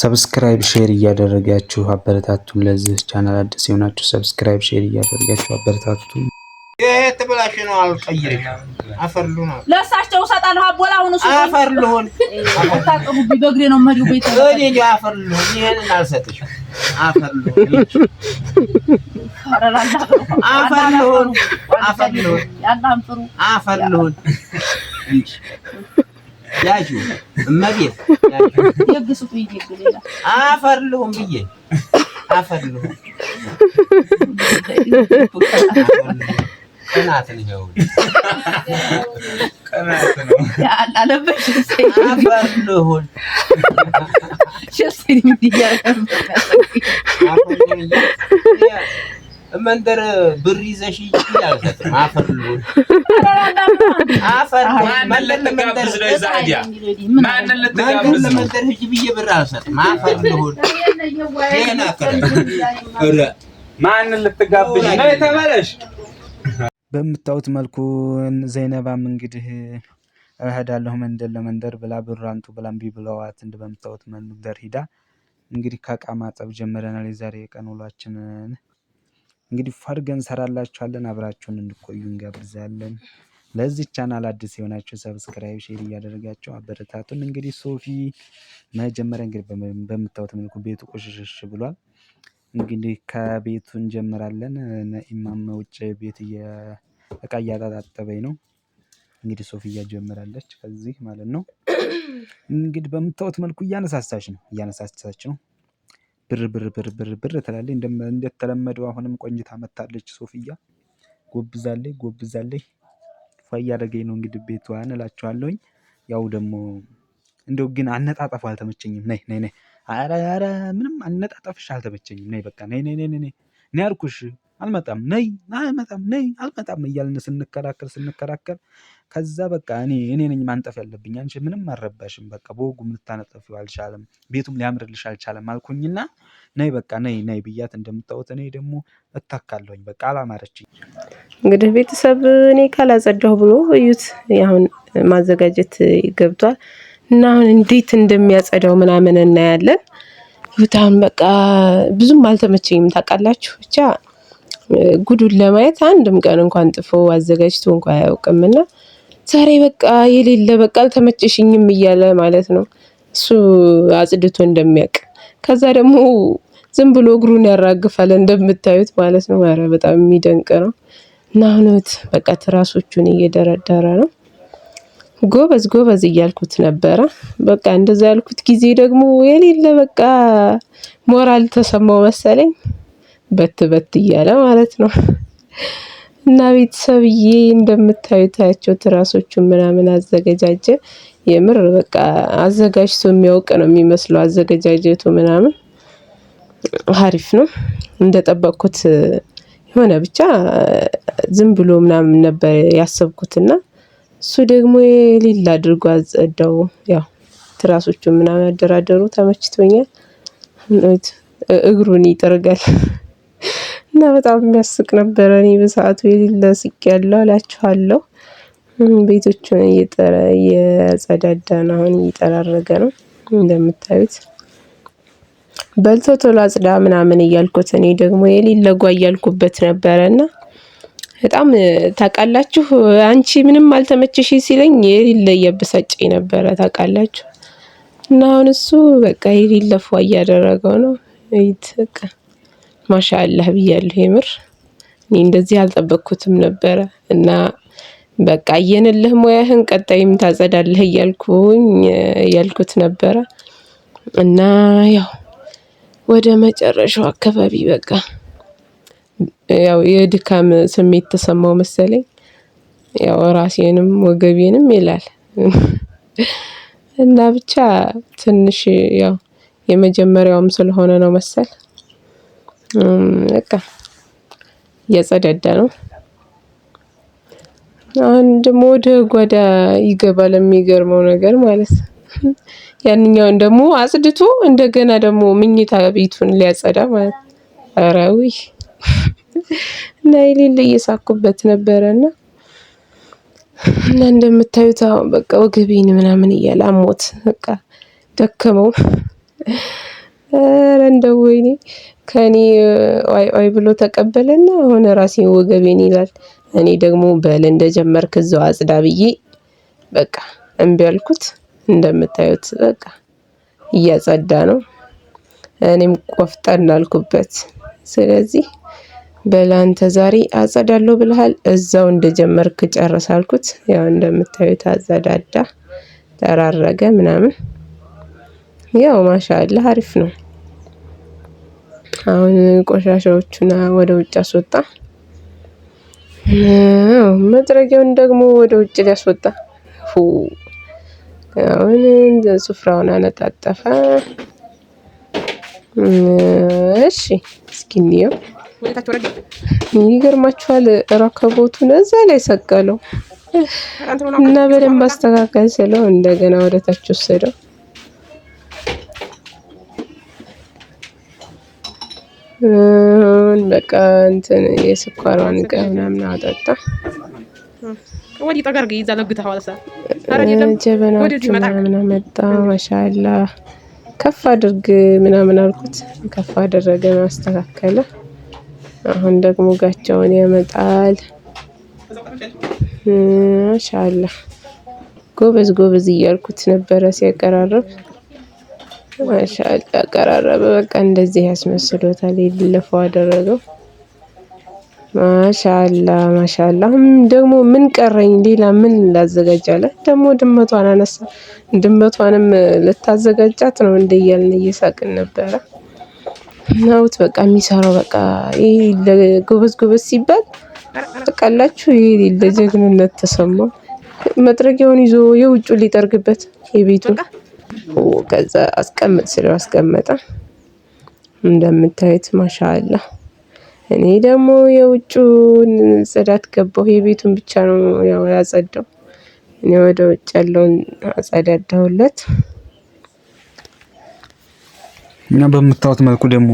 ሰብስክራይብ ሼር እያደረጋችሁ አበረታቱን። ለዚህ ቻናል አዲስ የሆናችሁ ሰብስክራይብ ሼር እያደረጋችሁ አበረታቱ። የት ነው? አልቀይርሽ ለእሳቸው እሰጣለሁ። አቦላ አሁን እሱ አፈር ነው ቤት አፈር ይሄንን አልሰጥሽም። አፈር አፈር አፈር ያዩ እመቤት ደግሱት ብዬ ሌላ አፈርልሁም ብዬ አፈርልሁም ቅናት ነው አፈርልሁን ሸሴ ሚዲያ መንደር ብር ይዘሽ አፈር መንደር መንደር ልሁን በምታዩት መልኩ ዘይነባም እንግዲህ እሄዳለሁ መንደር ለመንደር ብላ ብራንቱ ብላም ቢብለዋት እንደ በምታዩት መንደር ሂዳ እንግዲህ ጀምረናል። የዛሬ የቀን ውሏችንን እንግዲህ እፍ አድርገን እንሰራላችኋለን አብራችሁን እንድቆዩ እንጋብዛለን። ለዚህ ቻናል አዲስ የሆናችሁ ሰብስክራይብ ሼር እያደረጋችሁ አበረታቱን። እንግዲህ ሶፊ መጀመሪያ እንግዲህ በምታዩት መልኩ ቤቱ ቆሽሽሽ ብሏል። እንግዲህ ከቤቱ እንጀምራለን። ኢማም ውጭ ቤት እቃ እያጣጣጠበኝ ነው። እንግዲህ ሶፊ እያጀምራለች ከዚህ ማለት ነው። እንግዲህ በምታዩት መልኩ እያነሳሳች ነው እያነሳሳች ነው ብር ብር ብር ብር ብር ትላለች እንደተለመደው አሁንም ቆንጅታ መጥታለች ሶፊያ ጎብዛለች ጎብዛለች ፏ እያደረገኝ ነው እንግዲህ ቤቷን እላችኋለሁኝ። ያው ደግሞ እንደው ግን አነጣጠፉ አልተመቸኝም። ነይ ነይ ነይ ኧረ ኧረ ምንም አነጣጠፍሽ አልተመቸኝም። ነይ በቃ ነይ ነይ ነይ ነይ ነይ አልኩሽ። አልመጣም ነይ አልመጣም ነይ አልመጣም እያልን ስንከራከር ስንከራከር ከዛ በቃ እኔ እኔ ነኝ ማንጠፍ ያለብኝ አንቺ ምንም አረባሽም በቃ በወጉም ልታነጠፊው አልቻለም ቤቱም ሊያምርልሽ አልቻለም አልኩኝና ነይ በቃ ነይ ነይ ብያት እንደምታወት እኔ ደግሞ እታካለሁኝ በቃ አላማረችኝ እንግዲህ ቤተሰብ እኔ ካላጸዳሁ ብሎ እዩት አሁን ማዘጋጀት ገብቷል እና አሁን እንዴት እንደሚያጸዳው ምናምን እናያለን ይሁት አሁን በቃ ብዙም አልተመቸኝም ታውቃላችሁ ብቻ ጉዱን ለማየት አንድም ቀን እንኳን ጥፎ አዘጋጅቶ እንኳን አያውቅምና ዛሬ በቃ የሌለ በቃ አልተመቸሽኝም እያለ ማለት ነው። እሱ አጽድቶ እንደሚያውቅ ከዛ ደግሞ ዝም ብሎ እግሩን ያራግፋል እንደምታዩት ማለት ነው። ኧረ በጣም የሚደንቅ ነው። እና በቃ ትራሶቹን እየደረደረ ነው። ጎበዝ ጎበዝ እያልኩት ነበረ። በቃ እንደዛ ያልኩት ጊዜ ደግሞ የሌለ በቃ ሞራል ተሰማው መሰለኝ። በት በት እያለ ማለት ነው። እና ቤተሰብዬ እንደምታዩታቸው ትራሶቹን ምናምን አዘገጃጀ። የምር በቃ አዘጋጅቶ የሚያውቅ ነው የሚመስለው አዘገጃጀቱ ምናምን አሪፍ ነው። እንደጠበቅኩት የሆነ ብቻ ዝም ብሎ ምናምን ነበር ያሰብኩትና እሱ ደግሞ የሌላ አድርጎ አጸዳው። ያው ትራሶቹን ምናምን አደራደሩ ተመችቶኛል። እግሩን ይጠርጋል። እና በጣም የሚያስቅ ነበረ። እኔ በሰዓቱ የሌለ ስቅ ያለው አላችኋለሁ። ቤቶቹን እየጠረ ነው፣ አሁን እየጠራረገ ነው እንደምታዩት በልቶ ቶሎ አጽዳ ምናምን እያልኩት እኔ ደግሞ የሌለ ጓ እያልኩበት ነበረ እና በጣም ታውቃላችሁ፣ አንቺ ምንም አልተመችሽ ሲለኝ የሌለ እያበሳጨኝ ነበረ ታውቃላችሁ። እና አሁን እሱ በቃ የሌለ ፏ እያደረገው ነው ይትቀ ማሻአላህ ብያለሁ። የምር እኔ እንደዚህ አልጠበቅኩትም ነበረ እና በቃ አየንልህ ሙያህን ቀጣይም ታጸዳለህ እያልኩኝ እያልኩት ነበረ እና ያው ወደ መጨረሻው አካባቢ በቃ ያው የድካም ስሜት ተሰማው መሰለኝ። ያው ራሴንም ወገቤንም ይላል እና ብቻ ትንሽ ያው የመጀመሪያውም ስለሆነ ነው መሰል በቃ እያጸዳዳ ነው። አሁን ደግሞ ወደ ጓዳ ይገባል። የሚገርመው ነገር ማለት ያንኛውን ደግሞ አጽድቶ እንደገና ደግሞ ምኝታ ቤቱን ሊያጸዳ ማለት አራዊ እና የሌለ እየሳኩበት ነበረ እና እና እንደምታዩት አሁን በቃ ወገቤን ምናምን እያለ አሞት በቃ ደከመው። ኧረ እንደው ወይኔ ከኔ ዋይ ዋይ ብሎ ተቀበለና የሆነ ራሴን ወገቤን ይላል። እኔ ደግሞ በል እንደጀመርክ እዛው አጽዳ ብዬ በቃ እምቢ አልኩት። እንደምታዩት በቃ እያጸዳ ነው። እኔም ቆፍጠን አልኩበት። ስለዚህ በላንተ ዛሬ አጸዳለሁ ብለሃል፣ እዛው እንደጀመርክ ጨርስ ያው እንደምታዩት አጸዳዳ፣ ጠራረገ ምናምን። ያው ማሻአላህ አሪፍ ነው። አሁን ቆሻሻዎቹን ወደ ውጭ አስወጣ። መጥረጊያውን ደግሞ ወደ ውጭ ሊያስወጣ አሁን ስፍራውን አነጣጠፈ። እሺ እስኪ እንየው። ይገርማችኋል፣ ረከቦቱን እዛ ላይ ሰቀለው እና በደንብ አስተካከል ስለው እንደገና ወደታች ወሰደው። በቃ እንትን የስኳሯን ቀ ምናምን አጠጣ። ጀበናዎቹ ምናምን አመጣ። ማሻላ ከፍ አድርግ ምናምን አልኩት። ከፍ አደረገ፣ ማስተካከለ። አሁን ደግሞ ጋቸውን ያመጣል። ማሻላ ጎበዝ ጎበዝ እያልኩት ነበረ ሲያቀራርብ ማሻአላ አቀራረበ በቃ እንደዚህ ያስመስሎታል። የለፈው አደረገው። ማሻአላ ማሻአላ። ደግሞ ምን ቀረኝ? ሌላ ምን ላዘጋጃለ? ደግሞ ድመቷን አነሳ። ድመቷንም ልታዘጋጃት ነው እንደያልን እየሳቅን ነበረ። ናውት በቃ የሚሰራው በቃ ይሄ ለጎበዝ ጎበዝ ሲባል በቃላችሁ ይሄ ለጀግንነት ተሰማ። መጥረጊያውን ይዞ የውጩን ሊጠርግበት የቤቱን ከዛ አስቀምጥ ስለው አስቀመጠ። እንደምታዩት ማሻአላ። እኔ ደግሞ የውጭውን ጽዳት ገባሁ። የቤቱን ብቻ ነው ያው ያጸዳው። እኔ ወደ ውጭ ያለውን አጸዳዳሁለት እና በምታዩት መልኩ ደግሞ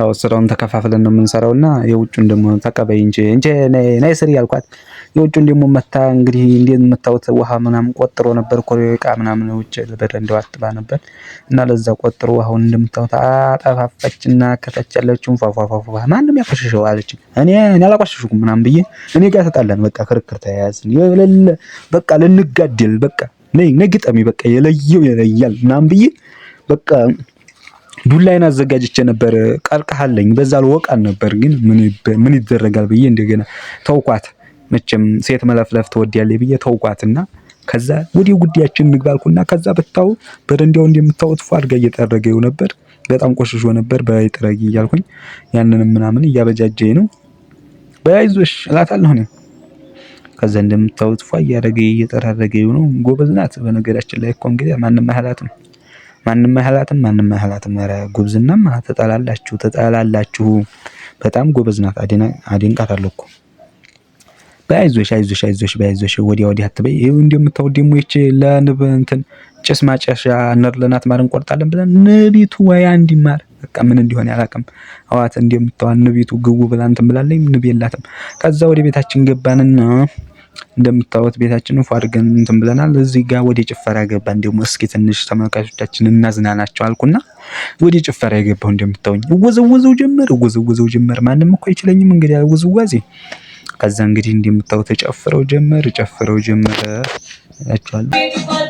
ያው ስራውን ተከፋፍለን ነው የምንሰራው እና የውጩን ደግሞ ተቀበይ እንጂ እንጂ ነይ ስሪ ያልኳት የውጩን ደግሞ መታ እንግዲህ እንዴት መታወት ውሃ ምናምን ቆጥሮ ነበር ኮሪ ዕቃ ምናምን ውጭ በረንዳው አጥባ ነበር እና ለዛ ቆጥሮ ውሃውን እንደምታወት አጠፋፈችና ከተች ያለችውን ፏፏፏፏ ማንም ያፈሽሸው አለች። እኔ እኔ አላቋሽሽኩም ምናምን ብዬ እኔ ጋር ተጣላን። በቃ ክርክር ተያያዝን። የሌለ በቃ ልንጋደል በቃ ነይ ነግጠሚ በቃ የለየው የለያል ምናምን ብዬ በቃ ዱላይን አዘጋጅቼ ነበር፣ ቀልቀሃለኝ በዛ ልወቃል ነበር። ግን ምን ይደረጋል ብዬ እንደገና ተውኳት። መቼም ሴት መለፍለፍ ትወዳለች ብዬ ተውኳትና ከዛ ወዲህ ጉዳያችን እንግባልኩና ከዛ በታው በረንዳው እንደምታወት ፏ አድጋ እየጠረገው ነበር። በጣም ቆሽሾ ነበር። በላይ ጥረጊ እያልኩኝ ያንንም ምናምን እያበጃጀኝ ነው። በያይዞሽ እላታለሁ እኔ። ከዛ እንደምታወት ፏ እያደረገ እየጠራረገ ነው። ጎበዝ ናት። በነገራችን ላይ እኮ እንግዲህ ማንም አህላት ነው። ማንም አይሃላትም ማንም አይሃላትም። ኧረ ጉብዝናም ተጣላላችሁ ተጣላላችሁ። በጣም ጎበዝ ናት። አደንቃታለሁ እኮ በአይዞሽ አይዞሽ አይዞሽ በአይዞሽ ወዲያ ወዲህ አትበይ። ይሄው እንደምታወድ ደግሞ ይች ለንብ እንትን ጭስ ማጨሻ ነር ለናት ማር እንቆርጣለን ብለን ንቢቱ ወያ እንዲማር በቃ ምን እንዲሆን ያላቅም አዋት እንደምታዋ ንቢቱ ግቡ ብላ እንትን ብላለኝ። ንብ የላትም። ከዛ ወደ ቤታችን ገባንና እንደምታዩት ቤታችንን ፏ አድርገን እንትን ብለናል። እዚህ ጋር ወደ ጭፈራ ገባን። ደግሞ እስኪ ትንሽ ተመልካቾቻችን እናዝናናቸው አልኩና ወደ ጭፈራ የገባው እንደምታዩኝ እወዘወዘው ጀመር፣ እወዘወዘው ጀመር። ማንም እኮ አይችለኝም እንግዲህ ውዝዋዜ። ከዛ እንግዲህ እንደምታዩት ጨፍረው ጀመር፣ ጨፍረው ጀመረ እላችኋለሁ።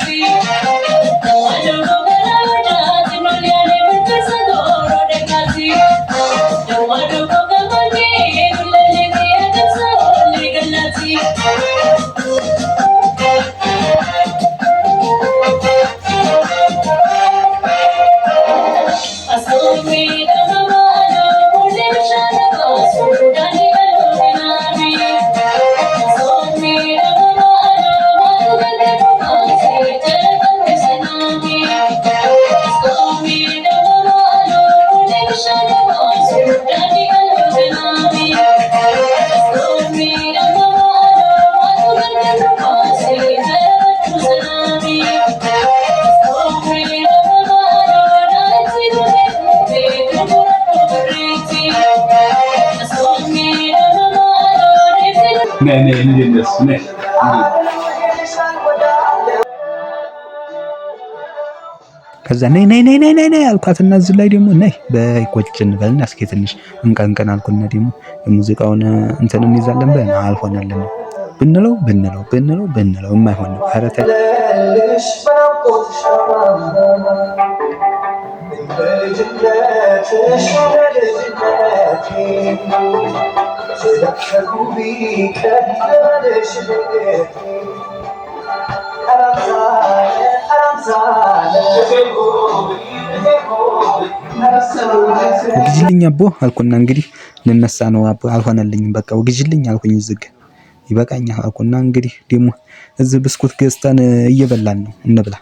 ነይ ነይ እንጂ እንደሱ ነይ ከዛ ነይ ነይ ነይ ነይ ነይ አልኳት እና እዚህ ላይ ደግሞ ነይ በቆጭን በልና እስኪ ትንሽ እንቀንቀን አልኩና ደግሞ የሙዚቃውን እንትን እንይዛለን በል አልሆነልን ብንለው ብንለው ብንለው ብንለው የማይሆን ነው። ኧረ ተይ ልጅነትሽ ግዢልኝ አቦ አልኩና እንግዲህ ልነሳ ነው። አቦ አልሆነልኝም። በቃ ግዢልኝ አልኩኝ። ዝግ ይበቃኛ አልኩና እንግዲህ ደግሞ እዚህ ብስኩት ገዝተን እየበላን ነው። እንብላ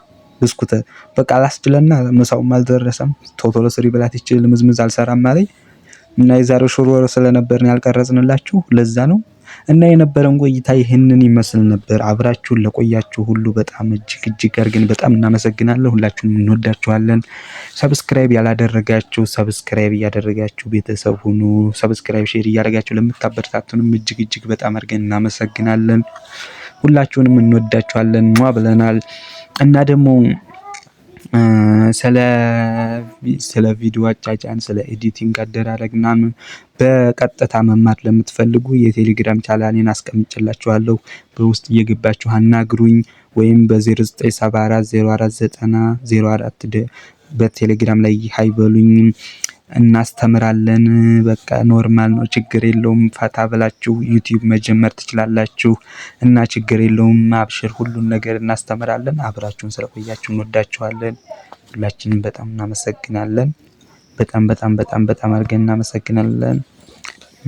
ብስኩት በቃ አላስችለና ምሳውም አልደረሰም። ቶቶሎ ስሪ ብላት ይችል ምዝምዝ አልሰራም አለኝ። እና የዛሬው ሹርወር ስለነበርን ያልቀረጽንላችሁ ለዛ ነው። እና የነበረን ቆይታ ይህንን ይመስል ነበር። አብራችሁን ለቆያችሁ ሁሉ በጣም እጅግ እጅግ አድርገን በጣም እናመሰግናለን። ሁላችሁም እንወዳችኋለን። ሰብስክራይብ ያላደረጋችሁ ሰብስክራይብ እያደረጋችሁ ቤተሰብ ሁኑ። ሰብስክራይብ፣ ሼር እያደረጋችሁ ለምታበረታቱንም እጅግ እጅግ በጣም አድርገን እናመሰግናለን። ሁላችሁንም እንወዳችኋለን። ሟ ብለናል እና ደግሞ ስለ ስለ ቪዲዮ አጫጫን፣ ስለ ኤዲቲንግ አደራረግ ምናምን በቀጥታ መማር ለምትፈልጉ የቴሌግራም ቻናሌን አስቀምጭላችኋለሁ። በውስጥ እየገባችሁ አናግሩኝ ወይም በ0974049004 በቴሌግራም ላይ ሀይበሉኝም እናስተምራለን። በቃ ኖርማል ነው፣ ችግር የለውም። ፈታ ብላችሁ ዩቲዩብ መጀመር ትችላላችሁ እና ችግር የለውም። አብሽር፣ ሁሉን ነገር እናስተምራለን። አብራችሁን ስለቆያችሁ እንወዳችኋለን። ሁላችንም በጣም እናመሰግናለን። በጣም በጣም በጣም በጣም አድርገን እናመሰግናለን።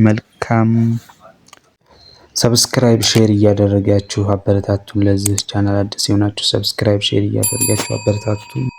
መልካም ሰብስክራይብ ሼር እያደረጋችሁ አበረታቱ። ለዚህ ቻናል አዲስ የሆናችሁ ሰብስክራይብ ሼር እያደረጋችሁ አበረታቱ።